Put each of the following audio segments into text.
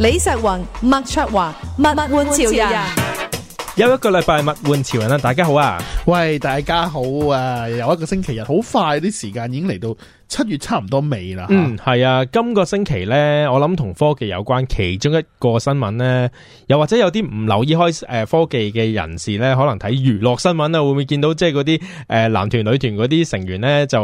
李石雲、麥卓華，物玩潮人。又一個禮拜物玩潮人啦，大家好啊，喂，大家好啊，又一個星期日，好快啲時間已經嚟到。七月差唔多尾啦，嗯，係啊，今個星期咧，我諗同科技有關，其中一個新聞咧，又或者有啲唔留意開誒科技嘅人士咧，可能睇娛樂新聞咧，會唔會見到即係嗰啲誒男團女團嗰啲成員咧就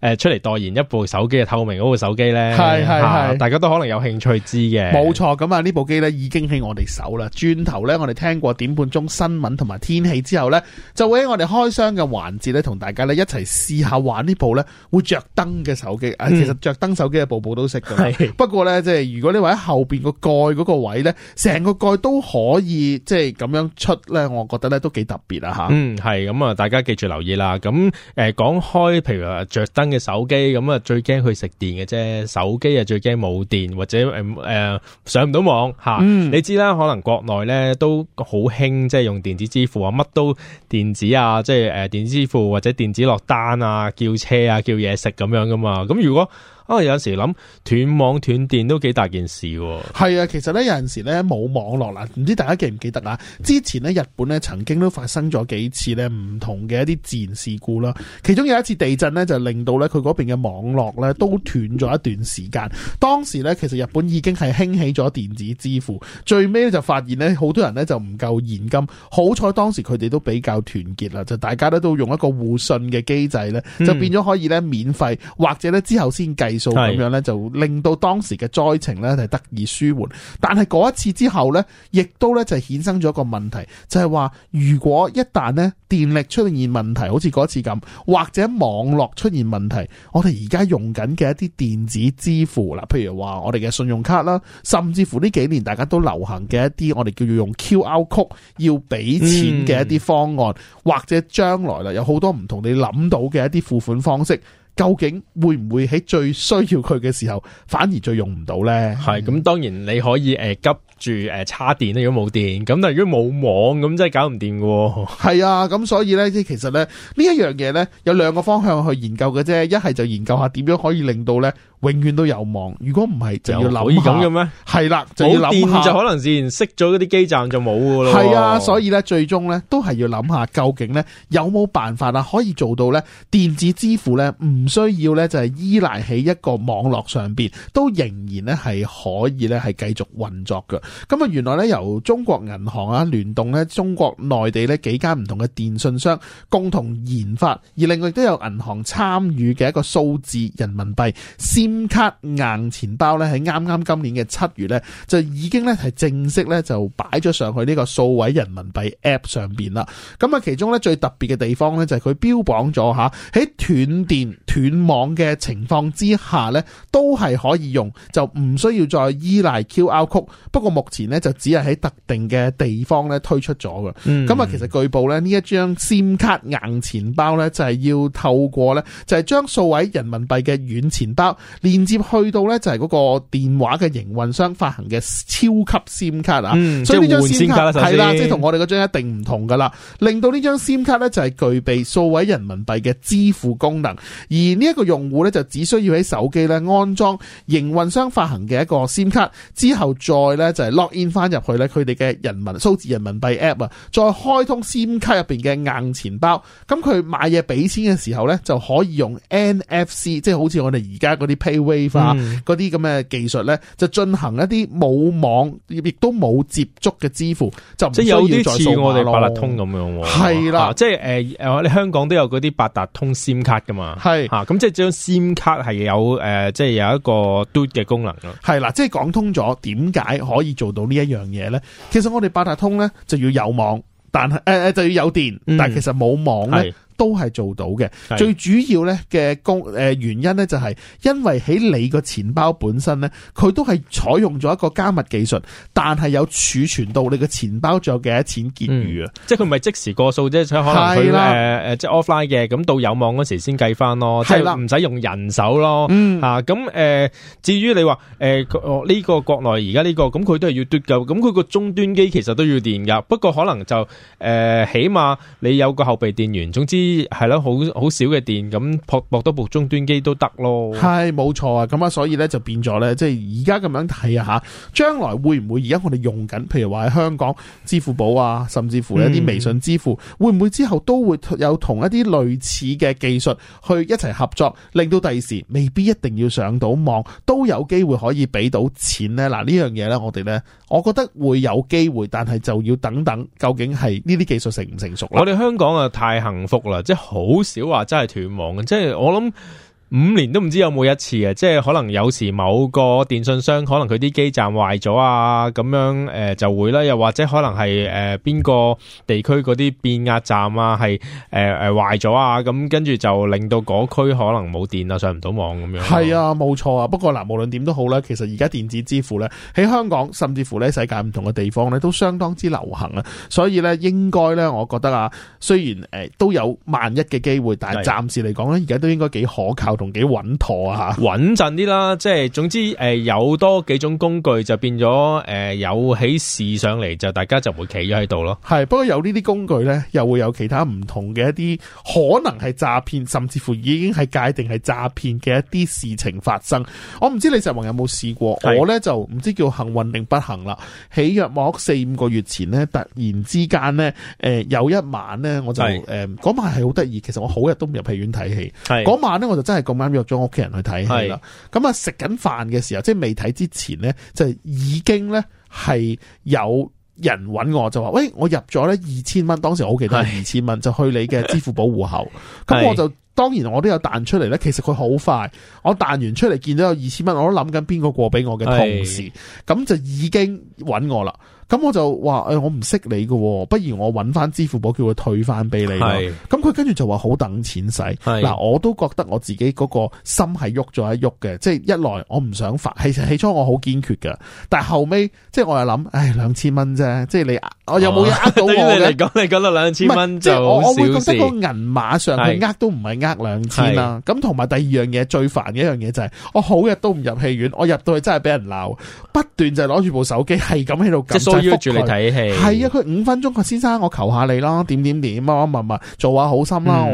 誒出嚟代言一部手機嘅透明嗰部手機咧，係係係大家都可能有興趣知嘅，冇錯，咁啊呢部機咧已經喺我哋手啦，轉頭咧我哋聽過點半鐘新聞同埋天氣之後咧，就會喺我哋開箱嘅環節咧，同大家咧一齊試下玩呢部咧會着燈嘅。手機啊，其實着燈手機啊，部部都識嘅。係不過咧，即係如果你話喺後邊個蓋嗰個位咧，成個蓋都可以即係咁樣出咧，我覺得咧都幾特別啊吓。嗯，係咁啊，大家記住留意啦。咁、嗯、誒，講開，譬如話着燈嘅手機咁啊，最驚佢食電嘅啫。手機啊，最驚冇電或者誒誒、呃、上唔到網吓、嗯。你知啦，可能國內咧都好興即係用電子支付啊，乜都電子啊，即係誒電子支付或者電子落單啊、叫車啊、叫嘢食咁樣咁。嘛，咁如果。啊、哦，有時諗斷網斷電都幾大件事喎、啊。係啊，其實咧有陣時咧冇網絡啦，唔知大家記唔記得啊？之前咧日本咧曾經都發生咗幾次咧唔同嘅一啲自然事故啦。其中有一次地震咧，就令到咧佢嗰邊嘅網絡咧都斷咗一段時間。當時咧其實日本已經係興起咗電子支付，最尾咧就發現咧好多人咧就唔夠現金。好彩當時佢哋都比較團結啦，就大家咧都用一個互信嘅機制咧，就變咗可以咧免費、嗯、或者咧之後先計。咁樣咧，就令到當時嘅災情咧係得以舒緩。但係嗰一次之後咧，亦都咧就係衍生咗一個問題，就係話如果一旦呢電力出現問題，好似嗰一次咁，或者網絡出現問題，我哋而家用緊嘅一啲電子支付啦，譬如話我哋嘅信用卡啦，甚至乎呢幾年大家都流行嘅一啲我哋叫做用 QR Code 要俾錢嘅一啲方案，嗯、或者將來啦有好多唔同你諗到嘅一啲付款方式。究竟會唔會喺最需要佢嘅時候，反而最用唔到咧？係咁，當然你可以誒、呃、急住誒、呃、叉電啦，如果冇電，咁但係如果冇網，咁真係搞唔掂喎。係啊，咁所以咧，即係其實咧呢一樣嘢咧，有兩個方向去研究嘅啫。一係就研究下點樣可以令到咧。永遠都有望，如果唔係就要留意咁嘅咩？係啦，冇電就可能先，熄咗嗰啲基站就冇噶咯。係啊，所以咧最終咧都係要諗下究竟咧有冇辦法啊，可以做到咧電子支付咧唔需要咧就係依賴喺一個網絡上邊，都仍然咧係可以咧係繼續運作嘅。咁啊，原來咧由中國銀行啊聯動咧中國內地咧幾間唔同嘅電信商共同研發，而另外亦都有銀行參與嘅一個數字人民幣先。SIM 卡硬錢包咧喺啱啱今年嘅七月咧就已經咧係正式咧就擺咗上去呢個數位人民幣 App 上邊啦。咁啊，其中咧最特別嘅地方咧就係佢標榜咗吓喺斷電斷網嘅情況之下咧都係可以用，就唔需要再依賴 QR Code。不過目前咧就只係喺特定嘅地方咧推出咗嘅。咁啊，其實據報咧呢一張 SIM 卡硬錢包咧就係要透過咧就係將數位人民幣嘅軟錢包。連接去到咧就係嗰個電話嘅營運商發行嘅超級 SIM 卡啊、嗯，所以呢張 SIM 卡係啦，即係同我哋嗰張一定唔同噶啦。令到呢張 SIM 卡咧就係具備數位人民幣嘅支付功能，而呢一個用戶咧就只需要喺手機咧安裝營運商發行嘅一個 SIM 卡之後再咧就係 log in 翻入去咧佢哋嘅人民數字人民幣 App 啊，再開通 SIM 卡入邊嘅硬錢包，咁佢買嘢俾錢嘅時候咧就可以用 NFC，即係好似我哋而家嗰啲 Pay。化嗰啲咁嘅技術咧、嗯，就進行一啲冇網亦都冇接觸嘅支付，就唔即有啲似我哋八達通咁樣。係啦、啊，即係誒誒，你香港都有嗰啲八達通 sim 卡噶嘛？係吓，咁、啊、即係將 sim 卡係有誒、呃，即係有一個嘟嘅功能咯。係啦，即係講通咗，點解可以做到呢一樣嘢咧？其實我哋八達通咧就要有網，但係誒誒就要有電，嗯、但係其實冇網咧，都係做到嘅，最主要咧嘅工誒、呃、原因咧就係因為喺你個錢包本身咧，佢都係採用咗一個加密技術，但係有儲存到你個錢包仲有幾多錢結餘啊！即係佢唔係即時過數啫，可能佢誒誒即係 offline 嘅，咁到有網嗰時先計翻咯，即係唔使用人手咯，吓咁誒。至於你話誒呢個國內而家呢個咁，佢都係要嘟夠，咁佢個終端機其實都要電噶，不過可能就誒、呃、起碼你有個後備電源，總之。啲係咯，是好好少嘅電咁，博多部終端機都得咯。係冇錯啊，咁啊，所以咧就變咗咧，即係而家咁樣睇下將來會唔會而家我哋用緊，譬如話喺香港支付寶啊，甚至乎一啲微信支付，嗯、會唔會之後都會有同一啲類似嘅技術去一齊合作，令到第時未必一定要上到網，都有機會可以俾到錢呢。嗱、啊，這個、呢樣嘢咧，我哋咧，我覺得會有機會，但係就要等等，究竟係呢啲技術成唔成熟？我哋香港啊，太幸福啦！即係好少話，真係斷網嘅，即係我諗。五年都唔知有冇一次啊！即係可能有時某個電信商可能佢啲基站壞咗啊，咁樣誒、呃、就會啦。又或者可能係誒邊個地區嗰啲變壓站啊，係誒誒壞咗啊，咁跟住就令到嗰區可能冇電啊，上唔到網咁樣，係啊，冇錯啊。不過嗱，無論點都好啦，其實而家電子支付咧喺香港，甚至乎咧世界唔同嘅地方咧，都相當之流行啊。所以咧，應該咧，我覺得啊，雖然誒都有萬一嘅機會，但係暫時嚟講咧，而家都應該幾可靠。同幾穩妥啊，穩陣啲啦，即係總之、呃、有多幾種工具，就變咗、呃、有起事上嚟，就大家就唔會企咗喺度咯。係，不過有呢啲工具咧，又會有其他唔同嘅一啲可能係詐騙，甚至乎已經係界定係詐騙嘅一啲事情發生。我唔知李石宏有冇試過，我咧就唔知叫幸運定不幸啦。起約莫四五個月前咧，突然之間咧、呃，有一晚咧，我就嗰、呃、晚係好得意。其實我好日都唔入戲院睇戲，嗰晚咧，我就真係咁啱約咗屋企人去睇戲啦，咁啊食緊飯嘅時候，即係未睇之前呢，就已經呢係有人揾我，就話喂，我入咗呢二千蚊，當時我好記得係二千蚊，就去你嘅支付寶戶口，咁我就當然我都有彈出嚟呢。其實佢好快，我彈完出嚟見到有二千蚊，我都諗緊邊個過俾我嘅同事，咁就已經揾我啦。咁我就話誒、哎，我唔識你嘅，不如我搵翻支付寶，叫佢退翻俾你。咁佢跟住就話好等錢使。嗱，我都覺得我自己嗰個心係喐咗一喐嘅，即、就、係、是、一來我唔想發，起起初我好堅決嘅，但係後尾即係我又諗，誒，兩千蚊啫，即、就、係、是、你我有冇呃到我咧？你嚟講，你講到兩千蚊就好小事。即、是、係我我會覺得個銀碼上佢呃都唔係呃兩千啦，啊。咁同埋第二樣嘢最煩嘅一樣嘢就係、是、我好日都唔入戲院，我入到去真係俾人鬧，不斷就攞住部手機係咁喺度。要住你睇戲，係啊！佢五分鐘，佢先生，我求下你啦，點點點，乜乜物物，做下好心啦。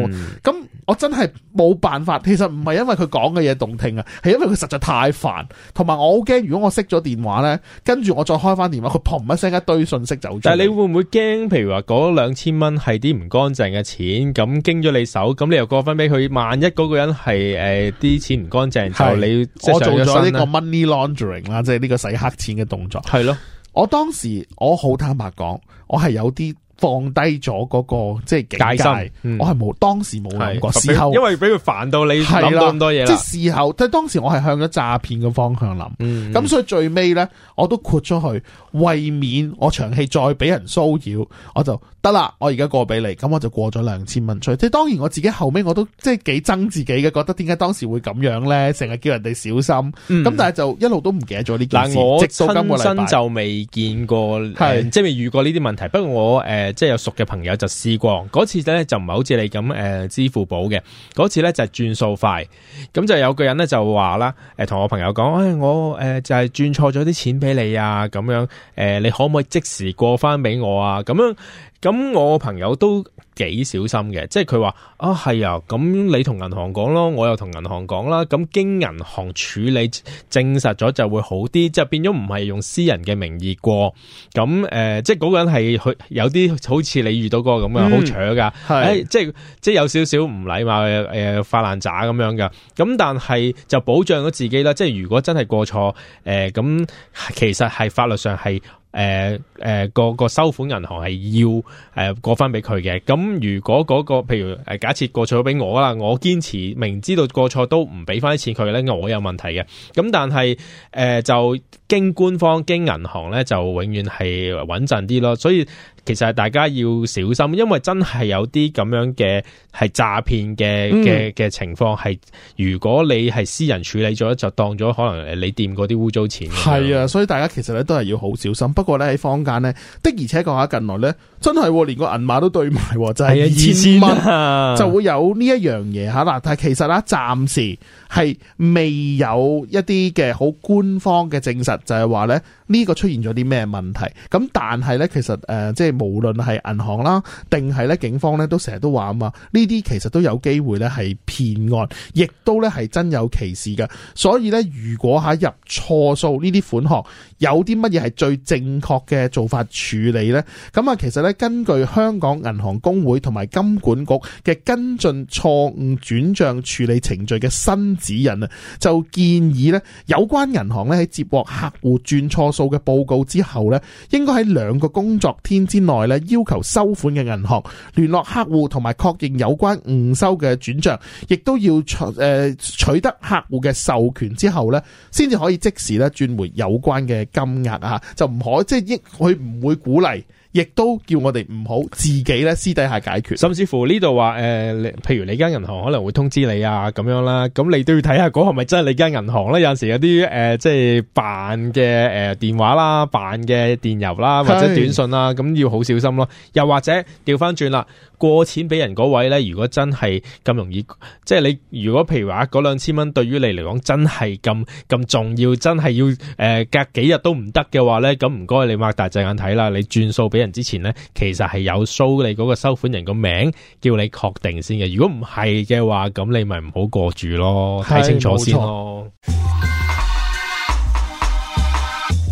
咁、嗯、我，我真係冇辦法。其實唔係因為佢講嘅嘢動聽啊，係因為佢實在太煩。同埋我好驚，如果我熄咗電話咧，跟住我再開翻電話，佢砰一聲，一堆信息走咗。但係你會唔會驚？譬如話嗰兩千蚊係啲唔乾淨嘅錢，咁經咗你手，咁你又過分俾佢。萬一嗰個人係誒啲錢唔乾淨，就你我做咗呢個 money laundering 啦，即係呢個洗黑錢嘅動作。係咯。我當時我好坦白講，我係有啲。放低咗嗰個即係戒心，嗯、我係冇當時冇諗過。事後因為俾佢煩到你諗到咁多嘢即係事後，即係當時我係向咗詐騙嘅方向諗，咁、嗯、所以最尾咧我都豁出去，為免我長期再俾人騷擾，我就得啦。我而家過俾你，咁我就過咗兩千蚊出。即係當然我自己後尾我都即係幾憎自己嘅，覺得點解當時會咁樣咧？成日叫人哋小心，咁、嗯、但係就一路都唔記得咗呢件事。嗱，我親身就未見過，嗯、即係未遇過呢啲問題。不過我、呃即係有熟嘅朋友就試過，嗰次咧就唔係好似你咁誒、呃、支付寶嘅嗰次咧就係轉數快，咁就有個人咧就話啦誒同、呃、我朋友講誒、哎、我誒、呃、就係轉錯咗啲錢俾你啊咁樣誒、呃、你可唔可以即時過翻俾我啊咁樣，咁我朋友都。幾小心嘅，即係佢話啊係啊，咁、啊、你同銀行講咯，我又同銀行講啦，咁經銀行處理證實咗就會好啲，即係變咗唔係用私人嘅名義過，咁誒、呃，即係嗰個人係去有啲好似你遇到個咁樣好扯噶，係、嗯哎、即係即係有少少唔禮貌誒、呃，發爛渣咁樣噶，咁但係就保障咗自己啦，即係如果真係過錯誒，咁、呃、其實係法律上係。誒、呃、誒、個、呃、收款銀行係要誒過翻俾佢嘅。咁如果嗰、嗰個譬如誒假設過錯俾我啦，我堅持明知道過錯都唔俾翻啲錢佢咧，我有問題嘅。咁但係誒、呃、就經官方經銀行咧，就永遠係穩陣啲咯。所以。其實大家要小心，因為真係有啲咁樣嘅係詐騙嘅嘅嘅情況，係如果你係私人處理咗，就當咗可能你掂嗰啲污糟錢。係啊，所以大家其實咧都係要好小心。不過咧喺坊間呢的，而且講下近來呢。真係喎，連個銀碼都對埋，就係二千蚊，就會有呢一樣嘢，吓嗱。但係其實咧，暫時係未有一啲嘅好官方嘅證實，就係話咧呢個出現咗啲咩問題？咁但係咧，其實誒，即係無論係銀行啦，定係咧警方咧，都成日都話啊嘛，呢啲其實都有機會咧係騙案，亦都咧係真有其事嘅。所以咧，如果吓入錯數呢啲款項，有啲乜嘢係最正確嘅做法處理咧？咁啊，其實咧。根據香港銀行公會同埋金管局嘅跟進錯誤轉賬處理程序嘅新指引啊，就建議咧有關銀行咧喺接獲客戶轉錯數嘅報告之後咧，應該喺兩個工作天之內咧，要求收款嘅銀行聯絡客戶同埋確認有關誤收嘅轉賬，亦都要取誒取得客戶嘅授權之後咧，先至可以即時咧轉回有關嘅金額啊，就唔可即係，佢唔會鼓勵。亦都叫我哋唔好自己咧私底下解決，甚至乎呢度話誒，譬如你間銀行可能會通知你啊咁樣啦，咁你都要睇下嗰係咪真係你間銀行咧、啊？有陣時有啲誒、呃，即係扮嘅誒電話啦，扮嘅電郵啦，或者短信啦、啊，咁要好小心咯、啊。又或者調翻轉啦。過錢俾人嗰位呢，如果真係咁容易，即係你如果譬如話嗰兩千蚊對於你嚟講真係咁咁重要，真係要誒、呃、隔幾日都唔得嘅話呢，咁唔該你擘大隻眼睇啦。你轉數俾人之前呢，其實係有 show 你嗰個收款人個名，叫你確定先嘅。如果唔係嘅話，咁你咪唔好過住咯，睇清楚先咯。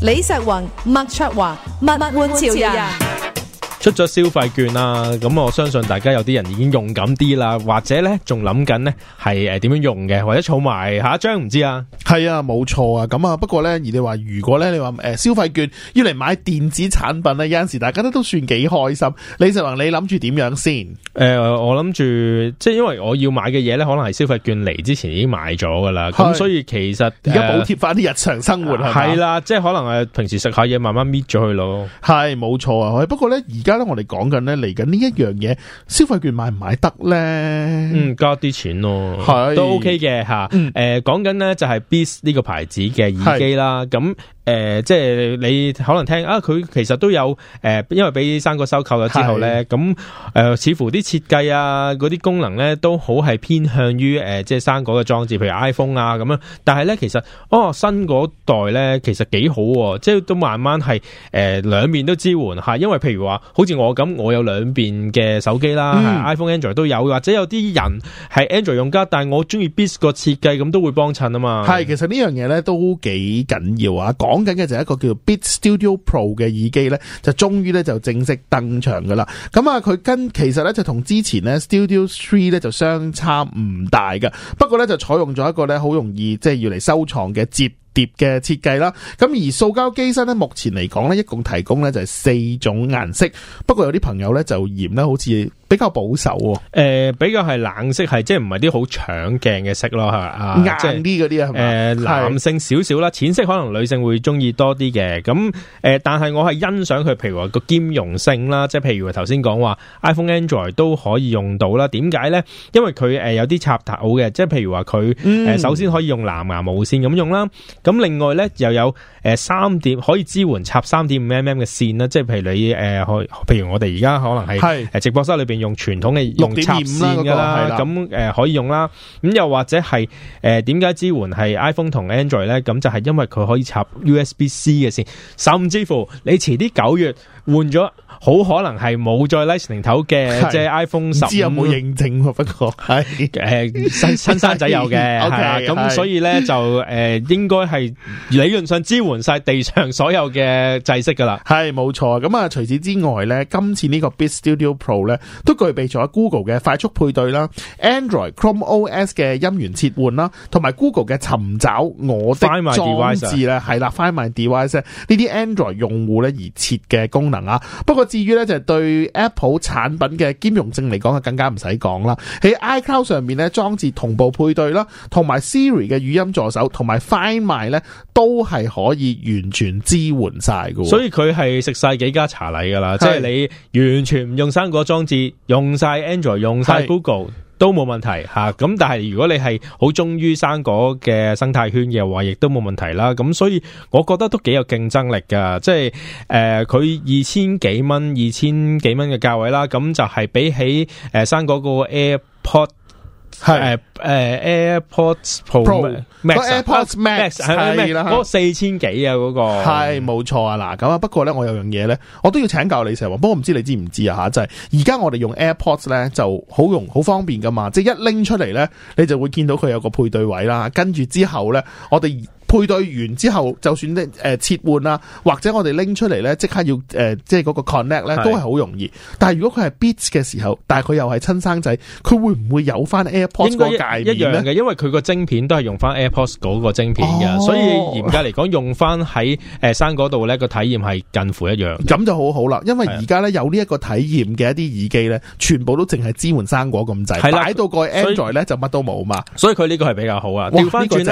李石雲、麥卓華、物玩潮人。出咗消費券啦，咁我相信大家有啲人已經勇敢啲啦，或者咧仲諗緊咧係誒點樣用嘅，或者儲埋下一張唔知啊？係啊，冇錯啊，咁啊，不過咧而你話如果咧你話誒消費券要嚟買電子產品咧，有陣時大家都都算幾開心。李就宏，你諗住點樣先？誒，我諗住即係因為我要買嘅嘢咧，可能係消費券嚟之前已經買咗噶啦，咁所以其實而家補貼翻啲日常生活係啦、啊，即係可能誒平時食下嘢慢慢搣咗去咯。係冇錯啊，不過咧而家。我哋講緊咧嚟緊呢一樣嘢，消費券買唔買得咧？嗯，加啲錢咯、啊，係都 OK 嘅吓。誒、嗯，講緊咧就係 Beats 呢個牌子嘅耳機啦，咁。誒、呃、即係你可能聽啊，佢其實都有誒、呃、因為俾生果收購咗之後咧，咁誒、呃、似乎啲設計啊，嗰啲功能咧，都好係偏向於誒、呃、即係生果嘅裝置，譬如 iPhone 啊咁樣，但係咧，其實哦，新嗰代咧，其實幾好喎、啊，即係都慢慢係誒、呃、兩面都支援吓，因為譬如話好似我咁，我有兩邊嘅手機啦、嗯、iPhone、Android 都有，或者有啲人係 Android 用家，但係我中意 Beats 個設計咁都會幫襯啊嘛。係其實呢樣嘢咧都幾緊要啊，講。講緊嘅就係，一個叫 Beats Studio Pro 嘅耳機咧，就終於咧就正式登場噶啦。咁啊，佢跟其實咧就同之前咧 Studio Three 咧就相差唔大嘅，不過咧就採用咗一個咧好容易即係，就是，要嚟收藏嘅接。碟嘅設計啦，咁而塑膠機身咧，目前嚟講咧，一共提供咧就係四種顏色。不過有啲朋友咧就嫌咧，好似比較保守喎、呃。比較係冷色，係即係唔係啲好搶鏡嘅色咯，係嘛？硬啲嗰啲啊？誒、呃，男性少少啦，淺色可能女性會中意多啲嘅。咁誒、呃，但係我係欣賞佢，譬如話個兼容性啦，即係譬如話頭先講話 iPhone、Android 都可以用到啦。點解咧？因為佢誒、呃、有啲插頭嘅，即係譬如話佢誒首先可以用藍牙無線咁用啦。咁另外咧又有誒三、呃、點可以支援插三點五 mm 嘅線啦，即係譬如你誒可、呃，譬如我哋而家可能係誒直播室裏邊用傳統嘅用插線㗎啦，咁、呃、可以用啦。咁又或者係誒點解支援係 iPhone 同 Android 咧？咁就係因為佢可以插 USB-C 嘅線，甚至乎你遲啲九月。換咗，好可能係冇再 Lightning 頭嘅，即係 iPhone 十，唔知有冇認證喎。不過係誒新新生仔有嘅，係啦，咁所以咧就誒應該係理論上支援晒地上所有嘅制式噶啦。係冇錯。咁啊除此之外咧，今次呢個 Beats Studio Pro 咧都具備咗 Google 嘅快速配對啦，Android Chrome OS 嘅音源切換啦，同埋 Google 嘅尋找我的裝置啦，係啦，Find My Device 呢啲 Android 用戶咧而設嘅功能。啊！不過至於咧，就對 Apple 產品嘅兼容性嚟講，係更加唔使講啦。喺 iCloud 上面咧，裝置同步配對啦，同埋 Siri 嘅語音助手，同埋 Find My 咧，都係可以完全支援晒嘅。所以佢係食晒幾家茶禮噶啦，即係你完全唔用生果裝置，用晒 Android，用晒 Google。都冇問題吓，咁但係如果你係好忠於生果嘅生態圈嘅話，亦都冇問題啦。咁所以我覺得都幾有競爭力㗎，即係誒，佢、呃、二千幾蚊、二千幾蚊嘅價位啦，咁就係比起誒、呃、生果個 AirPod。係誒誒、呃呃、AirPods Pro，AirPods Max 係咪啦，嗰、啊、個四千幾啊，嗰、那個係冇錯啊。嗱咁啊，不過咧，我有樣嘢咧，我都要請教你成話。不過唔知你知唔知啊吓？就係而家我哋用 AirPods 咧，就好容好方便噶嘛。即係一拎出嚟咧，你就會見到佢有個配對位啦。跟住之後咧，我哋。配對完之後，就算你、呃、切換啦，或者我哋拎出嚟咧、呃，即刻要即係嗰個 connect 咧，都係好容易。但係如果佢係 Beats 嘅時候，但佢又係親生仔，佢會唔會有翻 AirPods 嗰、嗰個界面呢一樣嘅，因為佢個晶片都係用翻 AirPods 嗰個晶片嘅、哦，所以嚴格嚟講用翻喺誒生果度咧，個體驗係近乎一樣。咁就好好啦，因為而家咧有呢一個體驗嘅一啲耳機咧，全部都淨係支援生果咁滯，擺到個 Android 咧就乜都冇嘛。所以佢呢個係比較好啊。調翻轉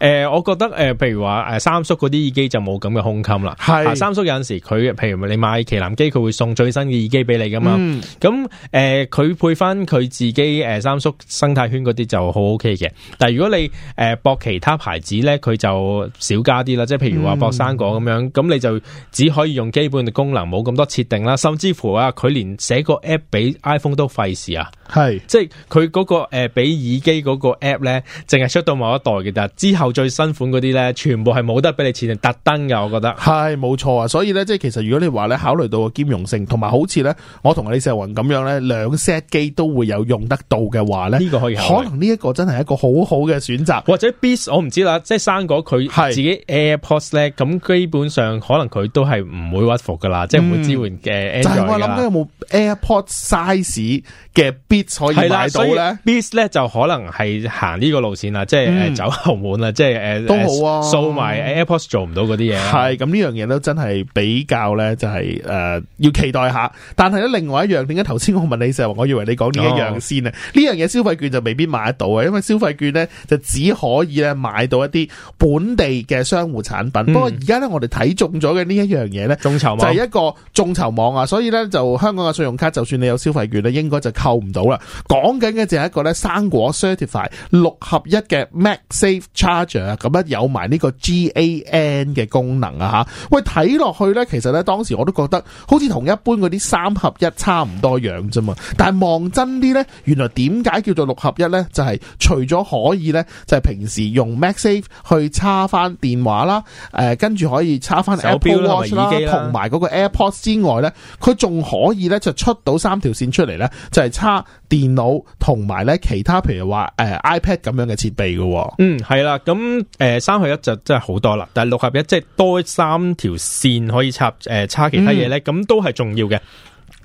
誒，我覺得。誒、呃，譬如話誒、啊、三叔嗰啲耳機就冇咁嘅胸襟啦。係、啊，三叔有陣時佢，譬如你買旗艦機，佢會送最新嘅耳機俾你噶嘛。咁、嗯、誒，佢、呃、配翻佢自己誒、呃、三叔生態圈嗰啲就好 OK 嘅。但係如果你誒、呃、博其他牌子咧，佢就少加啲啦。即係譬如話博生果咁樣，咁、嗯、你就只可以用基本嘅功能，冇咁多設定啦。甚至乎啊，佢連寫 APP 給、啊那個呃、個 app 俾 iPhone 都費事啊。係，即係佢嗰個誒俾耳機嗰個 app 咧，淨係出到某一代嘅啫。之後最新款嗰啲。全部係冇得俾你設定特登嘅，我覺得係冇錯啊！所以咧，即係其實如果你話咧考慮到個兼容性，同埋好似咧我同李世雲咁樣咧，兩 set 機都會有用得到嘅話咧，呢個可以可能呢一個真係一個好好嘅選擇。或者 Beats，我唔知啦，即係生果佢自己 AirPods 咧，咁基本上可能佢都係唔會屈服噶啦、嗯，即係唔會支援嘅、呃、就係我諗緊有冇 AirPods size 嘅 Beats 可以買到咧 Beats 咧就可能係行呢個路線啦、嗯，即係誒走後門啦，即係誒都好。掃埋 AirPods 做唔到嗰啲嘢，係咁呢樣嘢都真係比較咧，就係誒要期待下。但係咧，另外一樣，點解頭先我問你就係話，我以為你講呢一樣先啊？呢樣嘢消費券就未必買得到啊，因為消費券咧就只可以咧買到一啲本地嘅商戶產品。不過而家咧，我哋睇中咗嘅呢一樣嘢咧，眾籌就係一個眾籌網啊。所以咧，就香港嘅信用卡，就算你有消費券咧，應該就扣唔到啦。講緊嘅就係一個咧生果 Certify 六合一嘅 MagSafe Charger 咁樣有。埋呢個 G A N 嘅功能啊吓，喂睇落去咧，其實咧當時我都覺得好似同一般嗰啲三合一差唔多樣啫嘛。但係望真啲咧，原來點解叫做六合一咧？就係、是、除咗可以咧，就係平時用 MagSafe 去插翻電話啦，誒跟住可以插翻手錶啦、啊、耳機啦、啊，同埋嗰個 AirPods 之外咧，佢仲可以咧就出到三條線出嚟咧，就係、是、插電腦同埋咧其他，譬如話誒、呃、iPad 咁樣嘅設備噶。嗯，係啦，咁誒、呃、三。去一就真係好多啦，但係六合一即係多三條線可以插誒、呃，插其他嘢，咧，咁、嗯、都係重要嘅。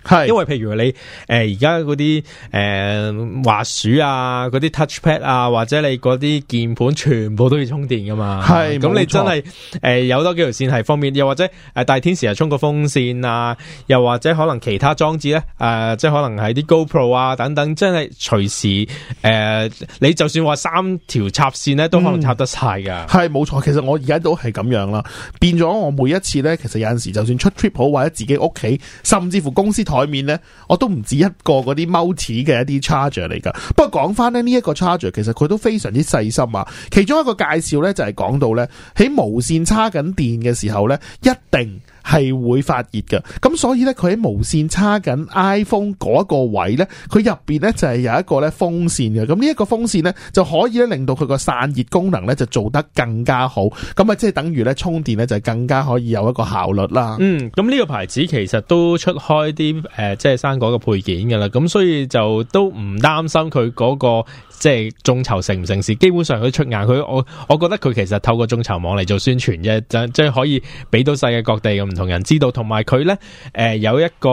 係，因為譬如你誒而家嗰啲誒滑鼠啊，嗰啲 touchpad 啊，或者你嗰啲鍵盤全部都要充電噶嘛。係，咁你真係誒、呃、有多幾條線係方便，又或者誒大、呃、天時又充個風扇啊，又或者可能其他裝置咧誒、呃，即係可能係啲 GoPro 啊等等，真係隨時誒、呃，你就算話三條插線咧，都可能插得晒噶、嗯。係，冇錯。其實我而家都係咁樣啦，變咗我每一次咧，其實有陣時就算出 trip 好，或者自己屋企，甚至乎公司。台面呢，我都唔止一個嗰啲踎似嘅一啲 charger 嚟噶。不過講返呢，呢一個 charger 其實佢都非常之細心啊。其中一個介紹呢，就係講到呢，喺無線叉緊電嘅時候呢，一定，係會發熱嘅，咁所以呢，佢喺無線叉緊 iPhone 嗰個位呢，佢入邊呢就係、是、有一個呢風扇嘅，咁呢一個風扇呢，就可以咧令到佢個散熱功能呢就做得更加好，咁啊即係等於呢，充電呢就更加可以有一個效率啦。嗯，咁呢個牌子其實都出開啲誒、呃，即係生果嘅配件噶啦，咁所以就都唔擔心佢嗰、那個即係眾籌成唔成事，基本上佢出硬，佢我我覺得佢其實透過眾籌網嚟做宣傳啫，即係可以俾到世界各地咁。唔同人知道，同埋佢呢，誒、呃、有一個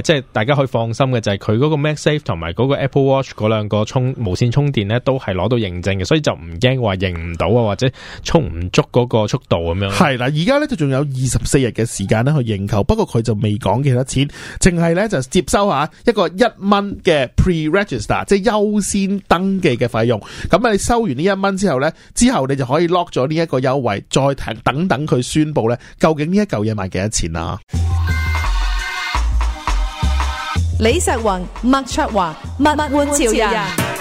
誒，即、呃、係大家可以放心嘅就係佢嗰個 MagSafe 同埋嗰個 Apple Watch 嗰兩個充無線充電呢都係攞到認證嘅，所以就唔驚話認唔到啊，或者充唔足嗰個速度咁樣。係啦，而家呢就仲有二十四日嘅時間呢去認購，不過佢就未講幾多錢，淨係呢就接收一下一個一蚊嘅 pre-register，即係優先登記嘅費用。咁啊，你收完呢一蚊之後呢，之後你就可以 lock 咗呢一個優惠，再等等佢宣布呢究竟呢一嚿嘢賣幾一錢啊！李石宏、麥卓華、物玩潮人。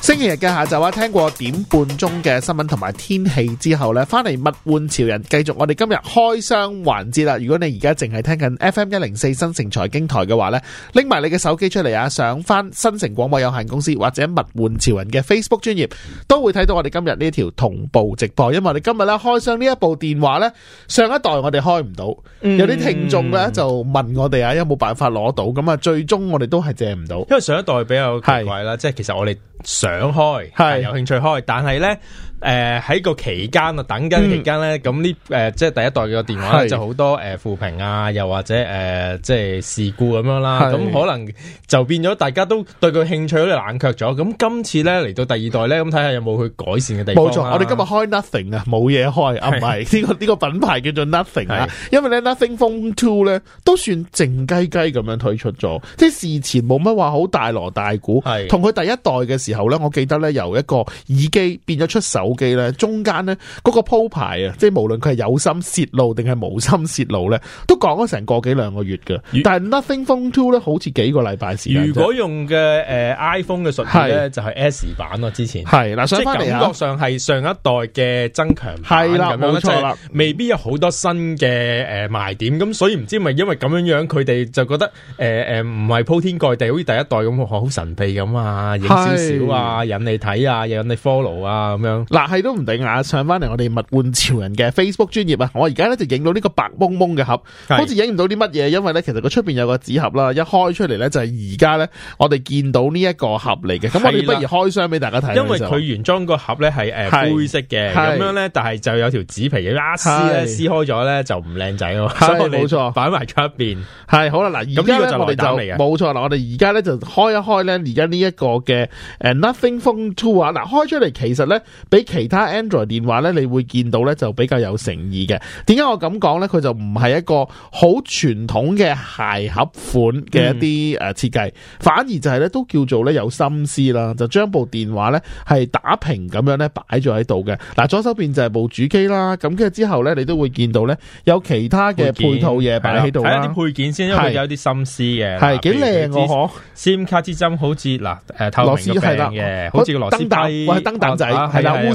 星期日嘅下晝啊，聽過點半鐘嘅新聞同埋天氣之後呢，翻嚟物玩潮人，繼續我哋今日開箱環節啦。如果你而家淨係聽緊 F M 一零四新城財經台嘅話呢，拎埋你嘅手機出嚟啊，上翻新城廣播有限公司或者物玩潮人嘅 Facebook 專頁，都會睇到我哋今日呢條同步直播。因為我哋今日咧，開箱呢一部電話呢，上一代我哋開唔到，有啲聽眾呢就問我哋啊，有冇辦法攞到？咁啊，最終我哋都係借唔到，因為上一代比較奇怪啦，即係其實我哋。想開，係有興趣開，但係呢誒、呃，喺個期間啊，等緊期間咧，咁呢誒，即係第一代嘅電話咧，就好多誒，負、呃、評啊，又或者誒、呃，即係事故咁樣啦，咁可能就變咗，大家都對佢興趣咧冷卻咗。咁今次咧，嚟到第二代咧，咁睇下有冇去改善嘅地方啊。冇錯，我哋今日開 Nothing 開啊，冇嘢開啊，唔係呢個呢，呢個品牌叫做 Nothing 啊，因為咧 Nothing Phone Two 咧都算靜雞雞咁樣推出咗，即係事前冇乜話好大鑼大鼓，係同佢第一代嘅時候咧，我記得咧由一個耳機變咗出手。手機咧，中間咧嗰個鋪排啊，即係無論佢係有心泄露定係冇心泄露咧，都講咗成個幾兩個月噶。但係 Nothing Phone Two 咧，好似幾個禮拜時間。如果用嘅誒、呃、iPhone 嘅術語咧，就係、是、S 版咯。之前係嗱，即係感覺上係上一代嘅增強係啦，冇錯啦，就是、未必有好多新嘅誒、呃、賣點。咁所以唔知係咪因為咁樣樣，佢哋就覺得誒誒唔係鋪天蓋地，好似第一代咁好神秘咁啊，影少少啊，引你睇啊，引你 follow 啊咁樣。嗱，係都唔定啊！定上翻嚟我哋物玩潮人嘅 Facebook 專頁啊，我而家咧就影到呢個白蒙蒙嘅盒，好似影唔到啲乜嘢，因為咧其實佢出邊有個紙盒啦，一開出嚟咧就係而家咧我哋見到呢一個盒嚟嘅，咁我哋不如開箱俾大家睇，因為佢原裝個盒咧係誒灰色嘅，咁樣咧但係就有條紙皮嘢一撕咧撕開咗咧就唔靚仔咯，冇錯，擺埋出邊係好啦嗱，而家個就我哋打嚟冇錯嗱，我哋而家咧就開一開咧，而家呢一個嘅誒、呃、Nothing Phone 2啊，嗱開出嚟其實咧比。其他 Android 電話咧，你會見到咧就比較有誠意嘅。點解我咁講咧？佢就唔係一個好傳統嘅鞋盒款嘅一啲誒設計，嗯、反而就係咧都叫做咧有心思啦。就將部電話咧係打平咁樣咧擺咗喺度嘅。嗱，左手邊就係部主機啦。咁跟住之後咧，你都會見到咧有其他嘅配套嘢擺喺度。睇下啲配件先，因為有啲心思嘅。係幾靚喎，呵！SIM 卡支針好似嗱誒透明嘅，好似個螺絲批或者燈膽仔，係啦。呃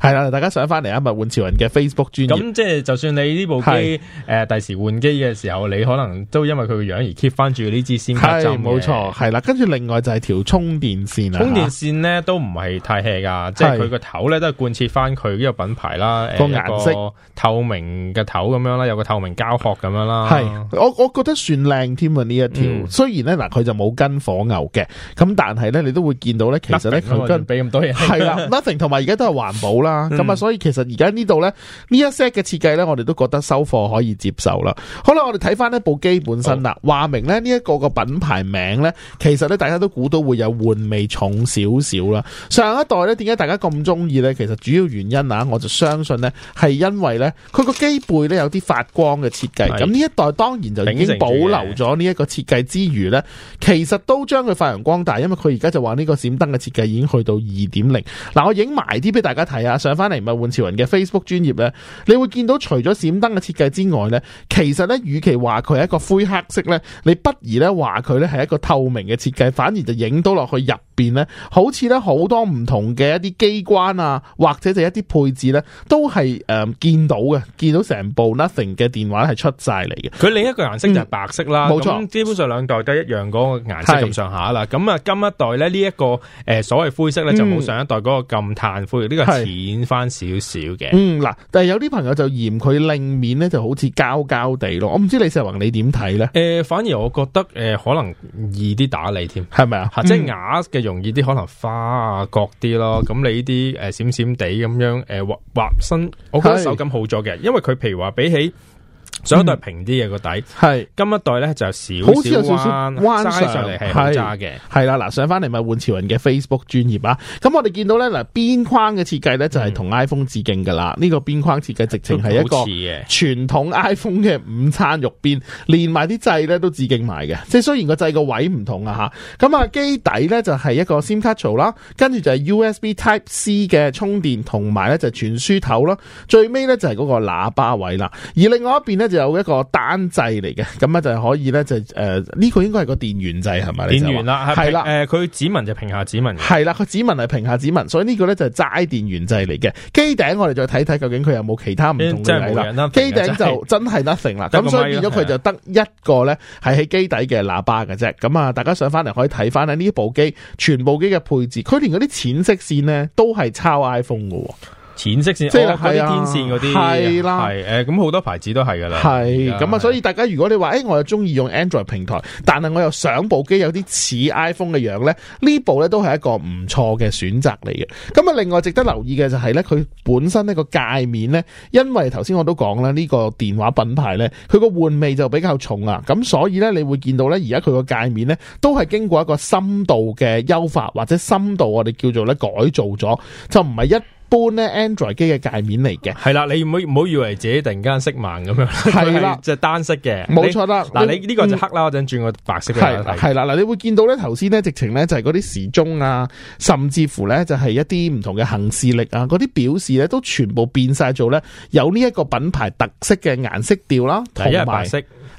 係啦，大家上一翻嚟啊！物玩潮人嘅 Facebook 專頁咁，即係就算你呢部機誒，第、呃、時換機嘅時候，你可能都因為佢個樣而 keep 翻住呢支線。係冇錯，係啦。跟住另外就係條充電線啦。充電線咧、啊、都唔係太 hea 噶，即係佢個頭咧都係貫徹翻佢呢個品牌啦。個顏、呃、色透明嘅頭咁樣啦，有個透明膠殼咁樣啦。係，我我覺得算靚添啊！呢一條雖然咧嗱，佢就冇跟火牛嘅，咁但係咧你都會見到咧，其實咧佢跟俾咁多嘢係啦，Nothing 同埋而家都係環保啦。咁、嗯、啊，所以其實而家呢度咧，呢一 set 嘅設計咧，我哋都覺得收貨可以接受啦。好啦，我哋睇翻呢部機本身啦。話明咧呢一個個品牌名咧，其實咧大家都估到會有玩味重少少啦。上一代咧，點解大家咁中意咧？其實主要原因啊，我就相信咧係因為咧，佢個機背咧有啲發光嘅設計。咁呢一代當然就已經保留咗呢一個設計之餘咧，其實都將佢發揚光大。因為佢而家就話呢個閃燈嘅設計已經去到二點零。嗱，我影埋啲俾大家睇下。上翻嚟唔係換潮人嘅 Facebook 專頁咧，你會見到除咗閃燈嘅設計之外咧，其實咧，與其話佢係一個灰黑色咧，你不如咧話佢咧係一個透明嘅設計，反而就影到落去入邊咧，好似咧好多唔同嘅一啲機關啊，或者就一啲配置咧，都係誒見到嘅，見到成部 Nothing 嘅電話係出晒嚟嘅。佢另一個顏色就係白色啦，冇、嗯、錯，錯基本上兩代都一樣嗰個顏色咁上下啦。咁啊，今一代咧呢一、這個誒、呃、所謂灰色咧、嗯、就冇上一代嗰個咁炭灰，呢個淺翻少少嘅。嗯，嗱，但係有啲朋友就嫌佢另面咧就好似膠膠地咯。我唔知道李世宏你點睇咧？誒、呃，反而我覺得誒、呃、可能易啲打理添，係咪啊？即係啞嘅用。容易啲可能花啊角啲咯，咁你呢啲閃閃地咁樣誒滑滑身，我覺得手感好咗嘅，因為佢譬如話比起上一代平啲嘅個底，係、嗯、今一代咧就有少少彎上嚟係揸嘅，係啦嗱，上翻嚟咪換潮人嘅 Facebook 專頁啊！咁我哋見到咧嗱邊框嘅設計咧就係同 iPhone 致敬噶啦，呢、嗯這個邊框設計直情係一個傳統 iPhone 嘅午餐肉邊，連埋啲掣咧都致敬埋嘅，即係雖然個掣個位唔同啊吓，咁啊機底咧就係一個 SIM 卡槽啦，跟住就係 USB Type C 嘅充電同埋咧就傳輸頭啦，最尾咧就係嗰個喇叭位啦，而另外一邊咧。就有一個單掣嚟嘅，咁啊就係可以咧，就誒呢、呃這個應該係個電源掣係咪？電源啦，係啦，誒、呃、佢指紋就屏下指紋，係啦，佢指紋係屏下指紋，所以個呢個咧就係、是、齋電源掣嚟嘅。機頂我哋再睇睇究竟佢有冇其他唔同嘅嘢啦。機頂就真係 nothing 啦，咁所以變咗佢就得一個咧係喺機底嘅喇叭嘅啫。咁啊，大家上翻嚟可以睇翻咧呢部機，全部機嘅配置，佢連嗰啲淺色線咧都係抄 iPhone 嘅。淺色線，即係嗰啲天線嗰啲，係啦，係誒，咁好多牌子都係噶啦，係咁啊。啊呃、啊所以大家如果你話誒、哎，我又中意用 Android 平台，但係我又想部機有啲似 iPhone 嘅樣咧，呢部咧都係一個唔錯嘅選擇嚟嘅。咁啊，另外值得留意嘅就係咧，佢本身呢個界面咧，因為頭先我都講啦，呢、這個電話品牌咧，佢個換味就比較重啊。咁所以咧，你會見到咧，而家佢個界面咧，都係經過一個深度嘅優化或者深度我哋叫做咧改造咗，就唔係一。般咧 Android 機嘅界面嚟嘅，係啦，你唔好唔好以為自己突然間色盲咁樣，係啦，就係單色嘅，冇錯啦。嗱，你呢個就黑啦、嗯，我陣轉個白色嘅。係啦，嗱，你會見到咧，頭先咧，直情咧就係嗰啲時鐘啊，甚至乎咧就係一啲唔同嘅行事曆啊，嗰啲表示咧都全部變晒做咧有呢一個品牌特色嘅顏色調啦，同埋，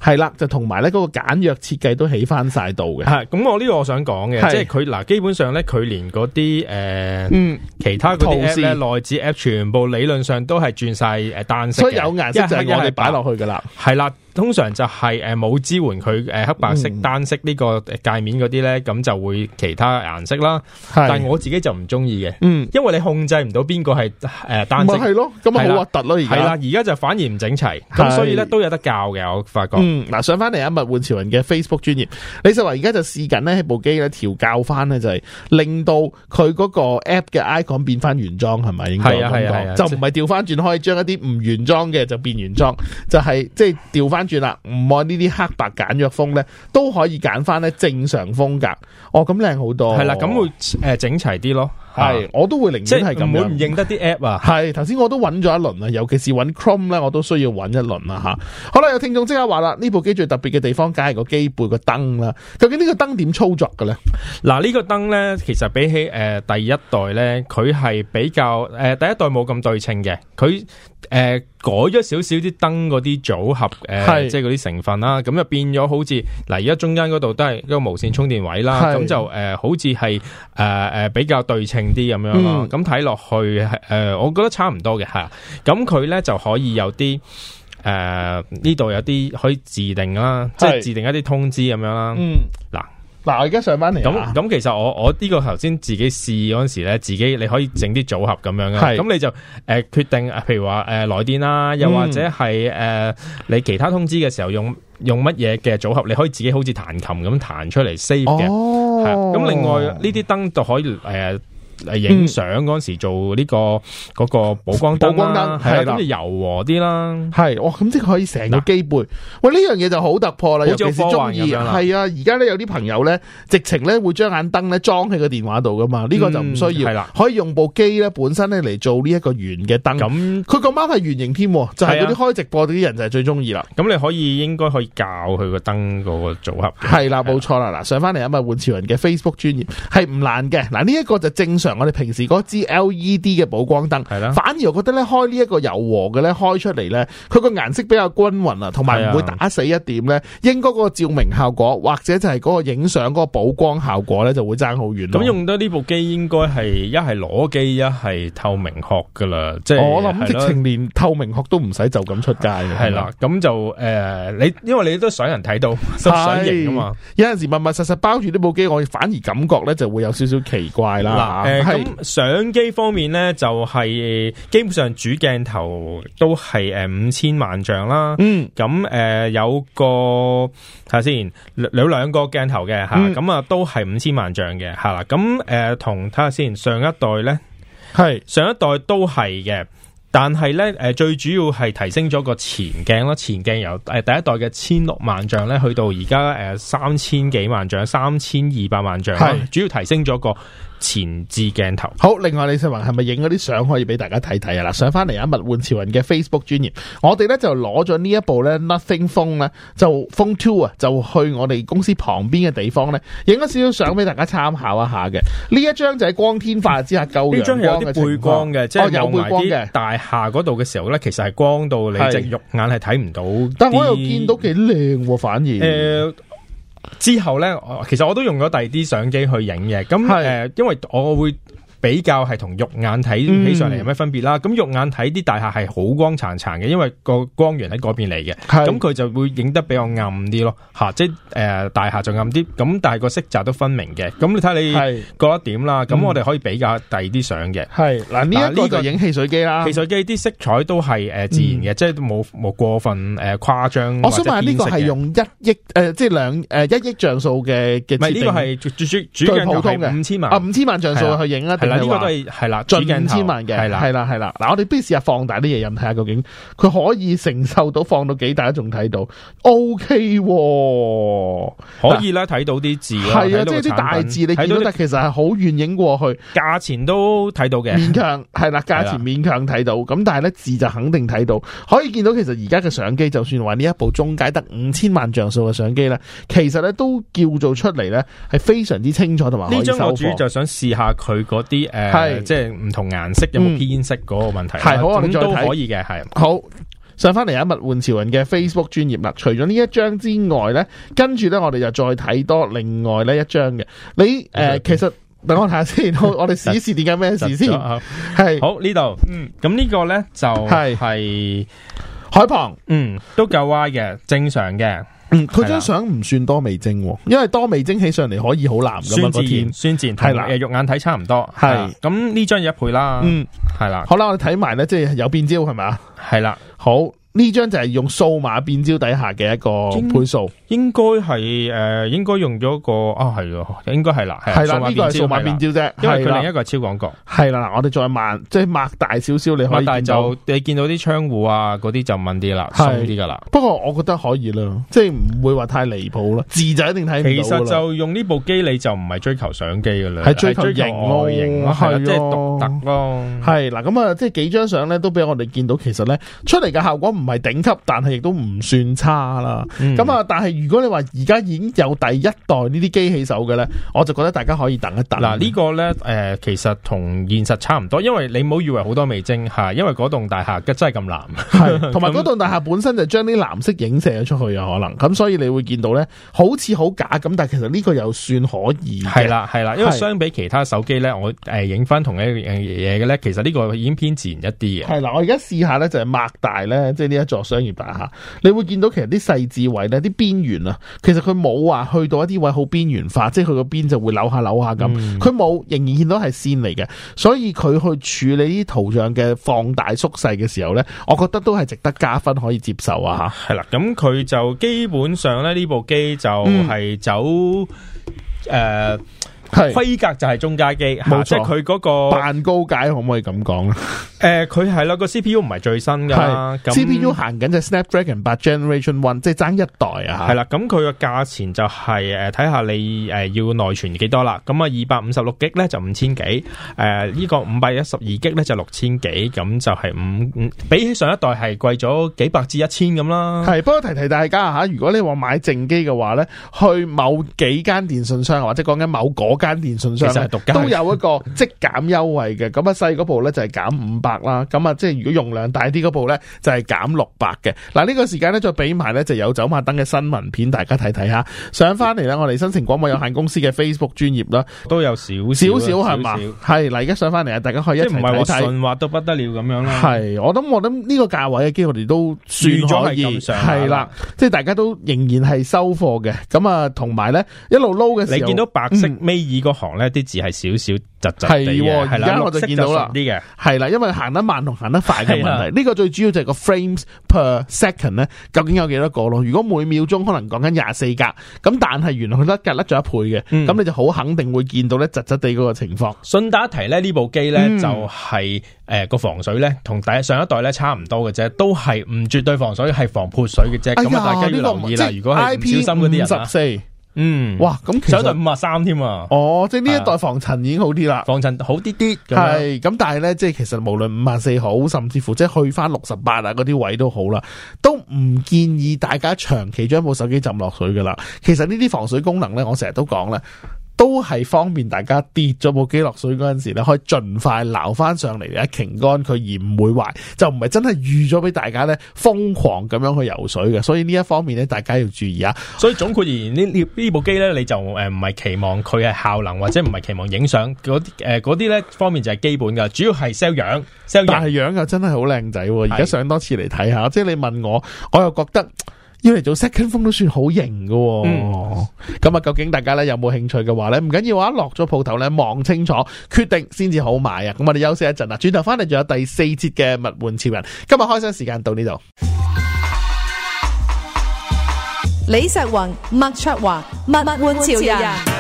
係啦，就同埋咧個簡約設計都起翻晒度嘅。係，咁我呢個我想講嘅，即係佢嗱，基本上咧佢連嗰啲誒其他嗰啲 app 內置 app 全部理論上都係轉晒誒單色，即係有顏色就係我哋擺落去噶啦。係啦。通常就係誒冇支援佢誒黑白色單色個呢個界面嗰啲咧，咁、嗯、就會其他顏色啦。但係我自己就唔中意嘅，嗯，因為你控制唔到邊個係誒單色，係、嗯、咯，咁啊好核突咯。而係啦，而家就反而唔整齊，咁所以咧都有得教嘅。我發覺，嗯，嗱、啊，上翻嚟一物玩潮人嘅 Facebook 專頁李世華，而、嗯、家、啊、就試緊咧喺部機咧調教翻咧，就係令到佢嗰個 App 嘅 icon 變翻原裝係咪？應該係啊，係啊，就唔係調翻轉可以將一啲唔原裝嘅就變原裝，就係即係調翻。跟住啦，唔按呢啲黑白簡約風咧，都可以揀翻咧正常風格。哦，咁靚好多，係啦，咁會誒、呃、整齊啲咯。係、啊，我都會寧願係咁樣。即係唔會唔認得啲 app 啊。係，頭先我都揾咗一輪啊，尤其是揾 Chrome 咧，我都需要揾一輪啊吓。好啦，有聽眾即刻話啦，呢部機最特別嘅地方，梗係個機背個燈啦。究竟呢個燈點操作嘅咧？嗱、啊，這個、呢個燈咧，其實比起誒、呃、第一代咧，佢係比較誒、呃、第一代冇咁對稱嘅。佢誒、呃、改咗少少啲燈嗰啲組合誒、呃，即係嗰啲成分啦。咁就變咗好似嗱，而家中間嗰度都係一個無線充電位啦。咁就誒、呃，好似係誒誒比較對稱。定啲咁樣咯，咁睇落去，誒、呃，我覺得差唔多嘅吓。咁佢咧就可以有啲，誒、呃，呢度有啲可以自定啦，即係自定一啲通知咁樣啦。嗯，嗱，嗱、嗯，我而家上翻嚟，咁，咁其實我我呢個頭先自己試嗰陣時咧，自己你可以整啲組合咁樣嘅，咁你就誒、呃、決定，譬如話誒來電啦，又或者係誒、嗯呃、你其他通知嘅時候用用乜嘢嘅組合，你可以自己好似彈琴咁彈出嚟 save 嘅。哦，咁另外呢啲燈就可以誒。呃影相嗰陣時做呢、這個嗰、嗯那個補光燈，係啦，咁就柔和啲啦。係，哇、哦！咁即係可以成個機背。啊、喂，呢樣嘢就好突破啦，尤其是中意。係啊，而家咧有啲朋友咧，嗯、直情咧會將眼燈咧裝喺個電話度噶嘛。呢、這個就唔需要，係、嗯、啦，可以用部機咧本身咧嚟做呢一個圓嘅燈。咁佢個貓係圓形添，就係嗰啲開直播啲人就係最中意啦。咁你可以應該可以教佢個燈嗰個組合。係啦，冇錯啦。嗱，上翻嚟啊，咪換潮人嘅 Facebook 專業係唔難嘅。嗱，呢一個就正常。我哋平時嗰支 LED 嘅補光燈，係啦，反而我覺得咧開呢一個柔和嘅咧開出嚟咧，佢個顏色比較均匀啊，同埋唔會打死一點咧，應該嗰個照明效果或者就係嗰個影相嗰個補光效果咧就會爭好遠。咁用得呢部機應該係一係裸機一係透明殼噶啦，即係我諗直情連透明殼都唔使就咁出街。係啦，咁就誒、呃、你因為你都想人睇到實相型啊嘛，有陣時密密實實包住呢部機，我反而感覺咧就會有少少奇怪啦。嗯嗯咁相機方面咧，就係、是、基本上主鏡頭都係誒五千萬像啦。嗯，咁誒、呃、有個睇下先，有有兩個鏡頭嘅吓，咁、嗯、啊都係五千萬像嘅吓啦。咁誒同睇下先，上一代咧係上一代都係嘅，但係咧誒最主要係提升咗個前鏡咯，前鏡由誒第一代嘅千六萬像咧，去到而家誒三千幾萬像，三千二百萬像，主要提升咗個。前置鏡頭。好，另外李世文係咪影嗰啲相可以俾大家睇睇啊？嗱，上翻嚟啊，物玩潮人嘅 Facebook 專頁，我哋咧就攞咗呢一部咧 Nothing Phone 咧，就 Phone Two 啊，就去我哋公司旁邊嘅地方咧，影咗少少相俾大家參考一下嘅。呢一張就喺光天化日之下夠陽，夠陽光嘅，即係有背光嘅。大廈嗰度嘅時候咧，其實係光到你隻肉眼係睇唔到。但我又見到幾靚喎，反而。呃之後咧，我其實我都用咗第二啲相機去影嘅，咁誒、呃，因為我會。比較係同肉眼睇起上嚟有咩分別啦？咁、嗯、肉眼睇啲大廈係好光燦燦嘅，因為個光源喺嗰邊嚟嘅，咁佢就會影得比較暗啲咯。嚇、啊，即係誒、呃、大廈就暗啲，咁但係個色澤都分明嘅。咁你睇下你嗰一點啦，咁、嗯、我哋可以比較第二啲相嘅。係嗱，呢、啊、一、呢個影、呢個、汽水機啦，汽水機啲色彩都係誒自然嘅、嗯，即係冇冇過分誒、呃、誇張的。我想問下呢、呢個係用一億誒、呃，即係兩誒、呃、一億像素嘅嘅。唔係呢個係主，主是5，最普通嘅五千萬啊，五千萬像素、啊、去影一。呢、這個都係最近，五千萬嘅係啦係啦，嗱我哋必須試下放大啲嘢，任睇下究竟佢可以承受到放到幾大都仲睇到，OK、哦、可以啦，睇到啲字係啊，即係啲大字你睇到，但其實係好遠影過去，價錢都睇到嘅，勉強係啦，價錢勉強睇到，咁但係咧字就肯定睇到，可以見到其實而家嘅相機，就算話呢一部中介得五千萬像素嘅相機咧，其實咧都叫做出嚟咧係非常之清楚同埋。呢張我主要就想試下佢嗰啲。誒、呃，係即係唔同顏色有冇偏色嗰個問題？係、嗯啊、好，我、啊、再睇可以嘅，係好上翻嚟物玩潮人嘅 Facebook 專頁啦。除咗呢一張之外咧，跟住咧我哋就再睇多另外呢一張嘅。你誒、呃嗯，其實等我睇下先，我我哋試一試點解咩事先。係好呢度，嗯，咁、 嗯、呢個咧就係、是、海旁，嗯，都夠歪嘅， 正常嘅。嗯，佢張相唔算多味精，因為多味精起上嚟，可以好藍咁啊！個天，自然係啦，肉眼睇差唔多，係咁呢張一倍啦，嗯，係啦，好啦，我哋睇埋咧，即係有變焦係咪，係啦，好。呢張就係用數碼變焦底下嘅一個倍數，應，應該係誒、呃，應該用咗個啊，係咯，應該係啦，係數碼變焦啫，呢個，因為佢另一個係超廣角，係啦，我哋再慢，即係擘大少少，你可以見到，但就你見到啲窗戶啊，嗰啲就問啲啦，鬆啲噶啦。不過我覺得可以啦，即係唔會話太離譜啦，字就一定睇唔到。其實就用呢部機，你就唔係追求相機噶啦，係追求型咯，型，型即係獨特咯。係喇，咁啊，即係幾張相咧都俾我哋見到，其實咧出嚟嘅效果。唔係頂級，但係亦都唔算差啦。咁、嗯、啊，但係如果你話而家已經有第一代呢啲機器手嘅呢，我就覺得大家可以等一等。嗱、啊、呢、呢個呢，誒、呃，其實同現實差唔多，因為你冇以為好多味精。係、啊，因為嗰棟大廈嘅真係咁藍，同埋嗰棟大廈本身就將啲藍色影射咗出去啊，可能咁，所以你會見到呢，好似好假咁，但係其實呢個又算可以係啦，係啦，因為相比其他手機呢，我誒影翻同一樣嘢嘅呢，其實呢個已經偏自然一啲嘅。係啦，我而家試下呢，就係擘大呢。即呢一座商業大廈，你會見到其實啲細字位呢，啲邊緣啊，其實佢冇話去到一啲位好邊緣化，即係佢個邊就會扭下扭下咁，佢、嗯、冇仍然見到係線嚟嘅，所以佢去處理啲圖像嘅放大縮細嘅時候呢，我覺得都係值得加分可以接受啊吓，係、嗯、啦，咁佢就基本上呢，呢部機就係走誒。規格就係中價機，即係佢嗰個扮高階可唔可以咁講咧？誒，佢係啦，個 C P U 唔係最新噶，C P U 行緊就 Snapdragon 八 Generation One，即係爭一代啊。係啦，咁佢個價錢就係、是、誒，睇下你誒要內存幾多啦。咁啊，二百五十六 G 咧就五千幾，誒呢個五百一十二 G 咧就六千幾，咁就係五比起上一代係貴咗幾百至一千咁啦。係，不過提提大家吓，如果你買機話買正機嘅話咧，去某幾間電信商或者講緊某嗰。間電信商都有一個即減優惠嘅，咁啊細嗰部咧就係減五百啦，咁啊即係如果用量大啲嗰部咧就係減六百嘅。嗱呢、啊這個時間咧再俾埋咧就是、有走馬燈嘅新聞片，大家睇睇吓。上翻嚟咧，我哋新城廣播有限公司嘅 Facebook 專頁啦，都有少少少係嘛，係嗱而家上翻嚟啊，大家可以一起看看即係唔係好睇，順滑都不得了咁樣啦。係，我諗我諗呢個價位嘅機我哋都算可以，係啦，即係大家都仍然係收貨嘅。咁啊同埋咧一路撈嘅時候，你見到白色二、那個行咧，啲字係少少窒窒地嘅。係啦，我就見到啦。啲嘅係啦，因為行得慢同行得快嘅問題。呢、這個最主要就係個 frames per second 咧，究竟有幾多個咯？如果每秒鐘可能講緊廿四格，咁但係原來佢甩格甩咗一倍嘅，咁、嗯、你就好肯定會見到咧窒窒地嗰個情況、嗯。順帶一提咧，呢部機咧就係誒個防水咧，同第上一代咧差唔多嘅啫，都係唔絕對防水，係防潑水嘅啫。咁但係大家要留意啦，如果係唔小心嗰啲人。嗯，哇！咁上輪五啊三添啊，哦，即係呢一代防塵已經好啲啦，防塵好啲啲，係咁。但係呢，即係其實無論五萬四好，甚至乎即係去翻六十八啊，嗰啲位都好啦，都唔建議大家長期將部手機浸落水噶啦。其實呢啲防水功能呢，我成日都講啦。都係方便大家跌咗部機落水嗰陣時咧，可以盡快撈翻上嚟嘅，擎乾佢而唔會壞，就唔係真係預咗俾大家咧瘋狂咁樣去游水嘅。所以呢一方面咧，大家要注意啊。所以總括而言， 呢呢部機咧，你就誒唔係期望佢係效能或者唔係期望影相嗰啲誒啲咧方面就係基本噶，主要係 sell 樣 sell 樣係樣啊，真係好靚仔。而家上多次嚟睇下，即係你問我，我又覺得。要嚟做 second 風都算好型噶咁、嗯、啊，嗯、究竟大家咧有冇興趣嘅話咧，唔緊要啊，落咗鋪頭咧望清楚，決定先至好買啊！咁我哋休息一陣啦，轉頭翻嚟仲有第四節嘅物玩潮人，今日開箱時間到呢度。李石雲、麥卓華、物玩潮人。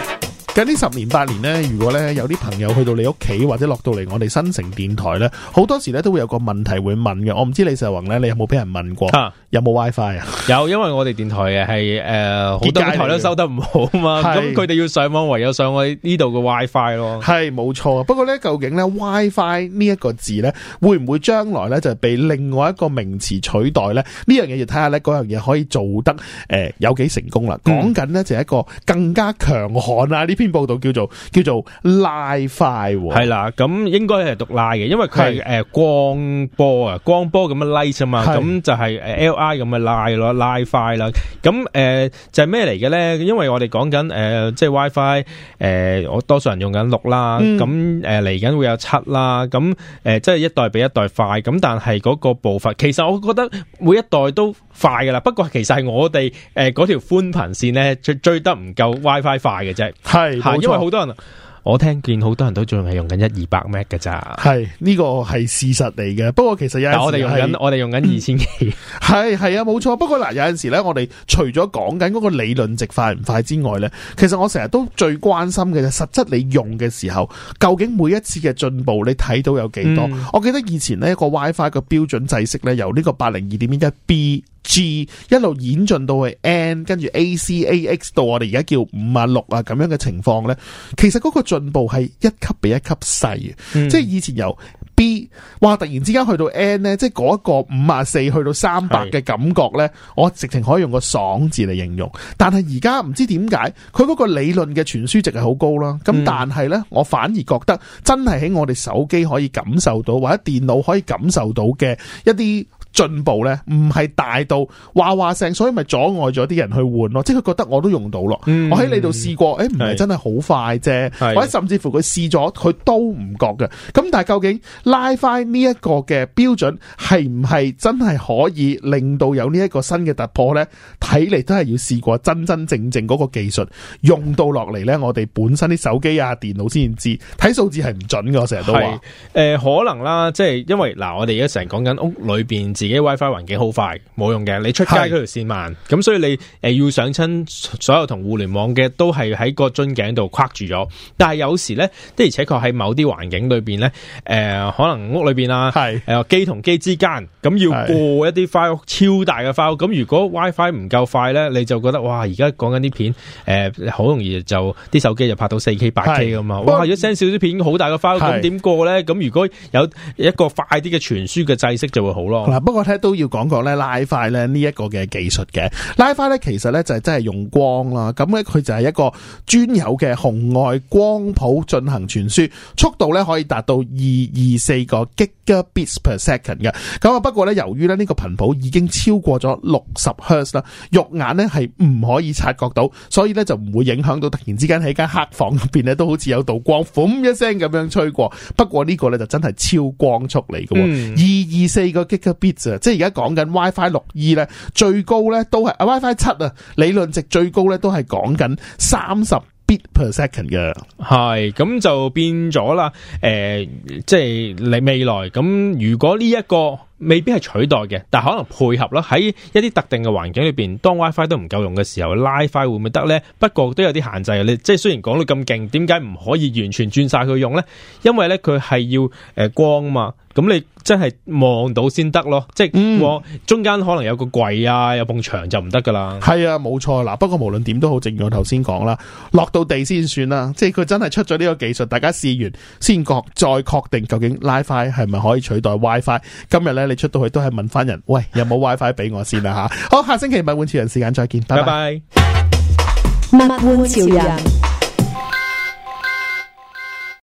近呢十年八年咧，如果咧有啲朋友去到你屋企或者落到嚟我哋新城電台咧，好多時咧都會有個問題會問嘅。我唔知李世宏咧，你有冇俾人問過？有冇 WiFi 啊？有，有，wi 有，因為我哋電台嘅係誒好多電台都收得唔好啊嘛，咁佢哋要上網唯有上去呢度嘅 WiFi 咯。係冇錯。不過咧，究竟咧 WiFi 呢一 wi 個字咧，會唔會將來咧就係被另外一個名詞取代咧？呢樣嘢要睇下咧，嗰樣嘢可以做得誒、呃、有幾成功啦。講緊咧就係一個更加強悍啊呢。邊報道叫做叫做 Li-Fi 喎？係啦，咁應該係讀 Li 嘅，因為佢係誒光波啊，光波咁嘅 light 啊嘛，咁就係 Li 咁嘅 Li 咯，Li-Fi 啦。咁誒就係咩嚟嘅咧？因為我哋講緊誒，即係 WiFi，誒我多數人用緊六啦，咁誒嚟緊會有七啦，咁誒即係一代比一代快，咁但係嗰個步伐，其實我覺得每一代都。快噶啦，不過其實係我哋誒嗰條寬頻綫咧追追得唔夠 WiFi 快嘅啫，係因為好多人我聽見好多人都仲係用緊一二百 m b 噶咋，係呢、這個係事實嚟嘅。不過其實有陣時我哋用緊我哋用緊二千幾，係係啊，冇錯。不過嗱有陣時咧，我哋除咗講緊嗰個理論值快唔快之外咧，其實我成日都最關心嘅就實質你用嘅時候，究竟每一次嘅進步你睇到有幾多、嗯？我記得以前呢一個 WiFi 嘅標準制式咧由呢個八零二點一 B，G 一路演進到去 N，跟住 AC、AX 到我哋而家叫五啊六啊咁樣嘅情況呢。其實嗰個進步係一級比一級細、嗯、即係以前由 B 哇突然之間去到 N 呢，即係嗰一個五啊四去到三百嘅感覺呢，我直情可以用個爽字嚟形容。但係而家唔知點解佢嗰個理論嘅傳輸值係好高啦，咁但係呢，嗯、我反而覺得真係喺我哋手機可以感受到或者電腦可以感受到嘅一啲。進步呢唔係大到話話聲，所以咪阻礙咗啲人去換咯。即係佢覺得我都用到咯、嗯，我喺你度試過，誒唔係真係好快啫，或者甚至乎佢試咗佢都唔覺嘅。咁但係究竟 Li-Fi 呢一個嘅標準係唔係真係可以令到有呢一個新嘅突破呢？睇嚟都係要試過真真正正嗰個技術用到落嚟呢，我哋本身啲手機啊、電腦先至知，睇數字係唔準㗎。我成日都話、呃、可能啦，即係因為嗱、呃，我哋而家成日講緊屋裏邊。自己 WiFi 環境好快冇用嘅，你出街嗰條線慢，咁所以你、呃、要上親所有同互聯網嘅都係喺個樽頸度框住咗。但係有時咧的而且確喺某啲環境裏邊咧、呃，可能屋裏邊啦、啊，係誒、呃、機同機之間咁要過一啲 file 超大嘅 file。咁如果 WiFi 唔夠快咧，你就覺得哇！而家講緊啲片誒好、呃、容易就啲手機就拍到四 K 八 K 咁嘛。哇！如果少啲片好大嘅 file，咁點過咧？咁如果有一個快啲嘅傳輸嘅制式就會好咯。不過咧都要講講咧，Li-Fi 咧呢一個嘅技術嘅 Li-Fi 咧，其實咧就係真係用光啦。咁咧佢就係一個專有嘅紅外光譜進行傳輸，速度咧可以達到二二四個 gigabit per second 嘅。咁啊，不過咧由於咧呢個頻譜已經超過咗六十 hertz 啦，肉眼咧係唔可以察覺到，所以咧就唔會影響到突然之間喺間黑房入邊咧都好似有道光，咹一聲咁樣吹過。不過呢個咧就真係超光速嚟嘅，二二四個 gigabit。即係而家講緊 WiFi 六 E 咧，最高咧都係啊 WiFi 七啊，理論值最高咧都係講緊三十 bit per second 嘅。係咁就變咗啦，誒、呃，即係你未來咁，如果呢一個未必係取代嘅，但係可能配合啦。喺一啲特定嘅環境裏邊，當 WiFi 都唔夠用嘅時候，Li-Fi 會唔會得咧？不過都有啲限制，你即係雖然講到咁勁，點解唔可以完全轉晒佢用咧？因為咧佢係要誒光嘛。咁你真係望到先得咯，即係喎、嗯。中間可能有個櫃啊，有埲牆就唔得噶啦。係啊，冇錯啦。不過無論點都好，正如頭先講啦，落到地先算啦。即係佢真係出咗呢個技術，大家試完先確再確定究竟 Li-Fi 係咪可以取代 WiFi。今日呢，你出到去都係問翻人，喂，有冇 WiFi 俾我先啦、啊、吓。 好，下星期物玩潮人時間再見，拜拜。物玩潮人。